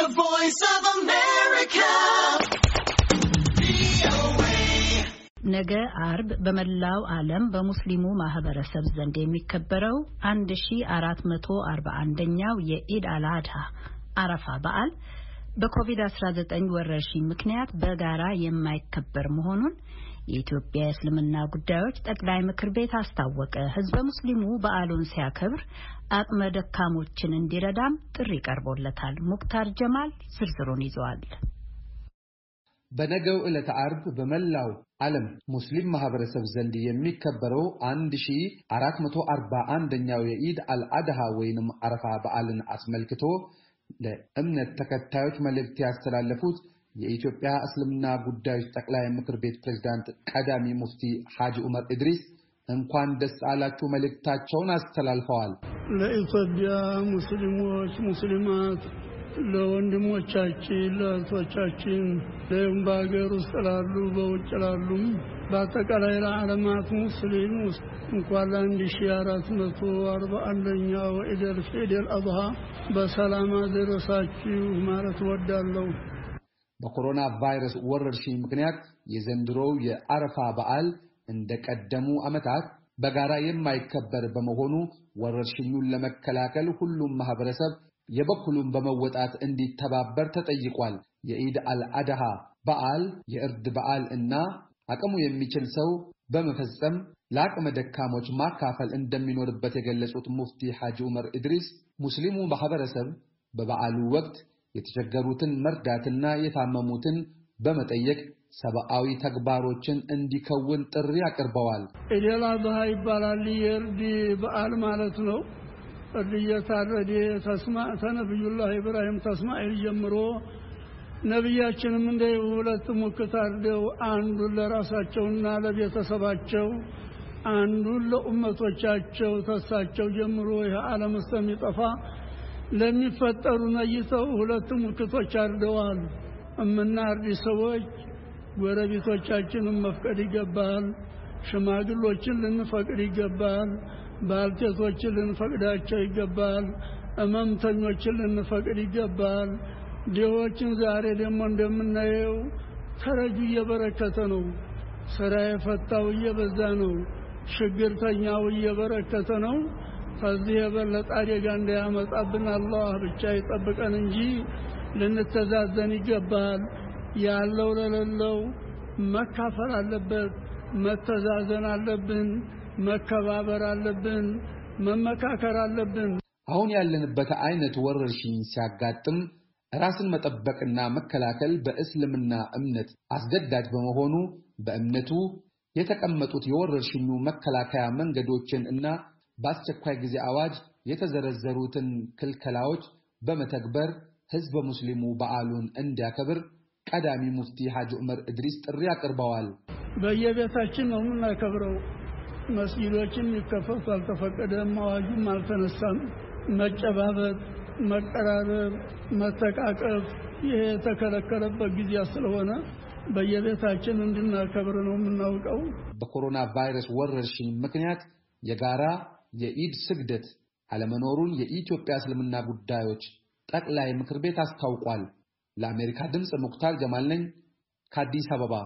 The Voice of America. ነገ አርብ በመላው ዓለም በሙስሊሙ ማህበረሰብ ዘንድ የሚከበረው 1441ኛው የኢድ አልአድሃ አረፋ በዓል በኮቪድ-19 ወረርሽኝ ምክንያት በጋራ የማይከበር መሆኑን የኢትዮጵያ የእስልምና ጉዳዮች ጠቅላይ ምክር ቤት አስታወቀ። ህዝበ ሙስሊሙ በዓሉን ሲያከብር አቅመ ደካሞችን እንዲረዳም ጥሪ ቀርቦለታል። ሙክታር ጀማል ዝርዝሩን ይዘዋል። በነገው ዕለት አርብ በመላው ዓለም ሙስሊም ማህበረሰብ ዘንድ የሚከበረው 1441ኛው የኢድ አልአድሃ ወይንም አረፋ በዓልን አስመልክቶ ለእምነት ተከታዮች መልእክት ያስተላለፉት የኢትዮጵያ እስልምና ጉዳዮች ጠቅላይ ምክር ቤት ፕሬዝዳንት ቀዳሚ ሙፍቲ ሐጂ ዑመር ኢድሪስ እንኳን ደስ አላችሁ መልእክታቸውን አስተላልፈዋል። ለኢትዮጵያ ሙስሊሞች፣ ሙስሊማት፣ ለወንድሞቻችን፣ ለእህቶቻችን፣ ለይም በሀገር ውስጥ ላሉ በውጭ ላሉም በአጠቃላይ ለዓለማት ሙስሊም ውስጥ እንኳን ለአንድ ሺ አራት መቶ አርባ አንደኛው ኢደል ፊደል አብሃ በሰላም አደረሳችሁ ማለት ወዳለሁ። በኮሮና ቫይረስ ወረርሽኝ ምክንያት የዘንድሮው የአረፋ በዓል እንደቀደሙ ዓመታት በጋራ የማይከበር በመሆኑ ወረርሽኙን ለመከላከል ሁሉም ማህበረሰብ የበኩሉን በመወጣት እንዲተባበር ተጠይቋል። የኢድ አልአድሃ በዓል የእርድ በዓል እና አቅሙ የሚችል ሰው በመፈጸም ለአቅመ ደካሞች ማካፈል እንደሚኖርበት የገለጹት ሙፍቲ ሐጂ ዑመር ኢድሪስ ሙስሊሙ ማህበረሰብ በበዓሉ ወቅት የተቸገሩትን መርዳትና የታመሙትን በመጠየቅ ሰብአዊ ተግባሮችን እንዲከውን ጥሪ አቅርበዋል። ኢዴላ ብሃ ይባላል። የእርድ በዓል ማለት ነው። እርድ እየታረደ ተነብዩላህ ኢብራሂም ተስማኤል ጀምሮ ነቢያችንም እንደ ሁለት ሙክት አርደው አንዱን ለራሳቸውና ለቤተሰባቸው አንዱን ለኡመቶቻቸው ተሳቸው ጀምሮ ይህ ዓለም እስከሚጠፋ ለሚፈጠሩ ነይተው ሁለቱም ምልክቶች አርደዋል። እምናርድ ሰዎች ጎረቤቶቻችንን መፍቀድ ይገባል። ሽማግሎችን ልንፈቅድ ይገባል። ባልቴቶችን ልንፈቅዳቸው ይገባል። እመምተኞችን ልንፈቅድ ይገባል። ድሆችን ዛሬ ደግሞ እንደምናየው ተረጁ እየበረከተ ነው። ስራ የፈታው እየበዛ ነው። ችግርተኛው እየበረከተ ነው። ከዚህ የበለጠ አደጋ እንዳያመጣብን አላህ ብቻ ይጠብቀን እንጂ ልንተዛዘን ይገባል። ያለው ለሌለው መካፈል አለበት። መተዛዘን አለብን። መከባበር አለብን። መመካከር አለብን። አሁን ያለንበት አይነት ወረርሽኝ ሲያጋጥም ራስን መጠበቅና መከላከል በእስልምና እምነት አስገዳጅ በመሆኑ በእምነቱ የተቀመጡት የወረርሽኙ መከላከያ መንገዶችን እና በአስቸኳይ ጊዜ አዋጅ የተዘረዘሩትን ክልከላዎች በመተግበር ህዝበ ሙስሊሙ በዓሉን እንዲያከብር ቀዳሚ ሙፍቲ ሐጅ ዑመር እድሪስ ጥሪ አቅርበዋል። በየቤታችን ነው የምናከብረው። መስጊዶችን ይከፈቱ አልተፈቀደም፣ አዋጁም አልተነሳም። መጨባበጥ፣ መቀራረብ፣ መተቃቀፍ ይሄ የተከለከለበት ጊዜ ስለሆነ በየቤታችን እንድናከብር ነው የምናውቀው። በኮሮና ቫይረስ ወረርሽኝ ምክንያት የጋራ የኢድ ስግደት አለመኖሩን የኢትዮጵያ እስልምና ጉዳዮች ጠቅላይ ምክር ቤት አስታውቋል። ለአሜሪካ ድምፅ ሙክታር ጀማል ነኝ ከአዲስ አበባ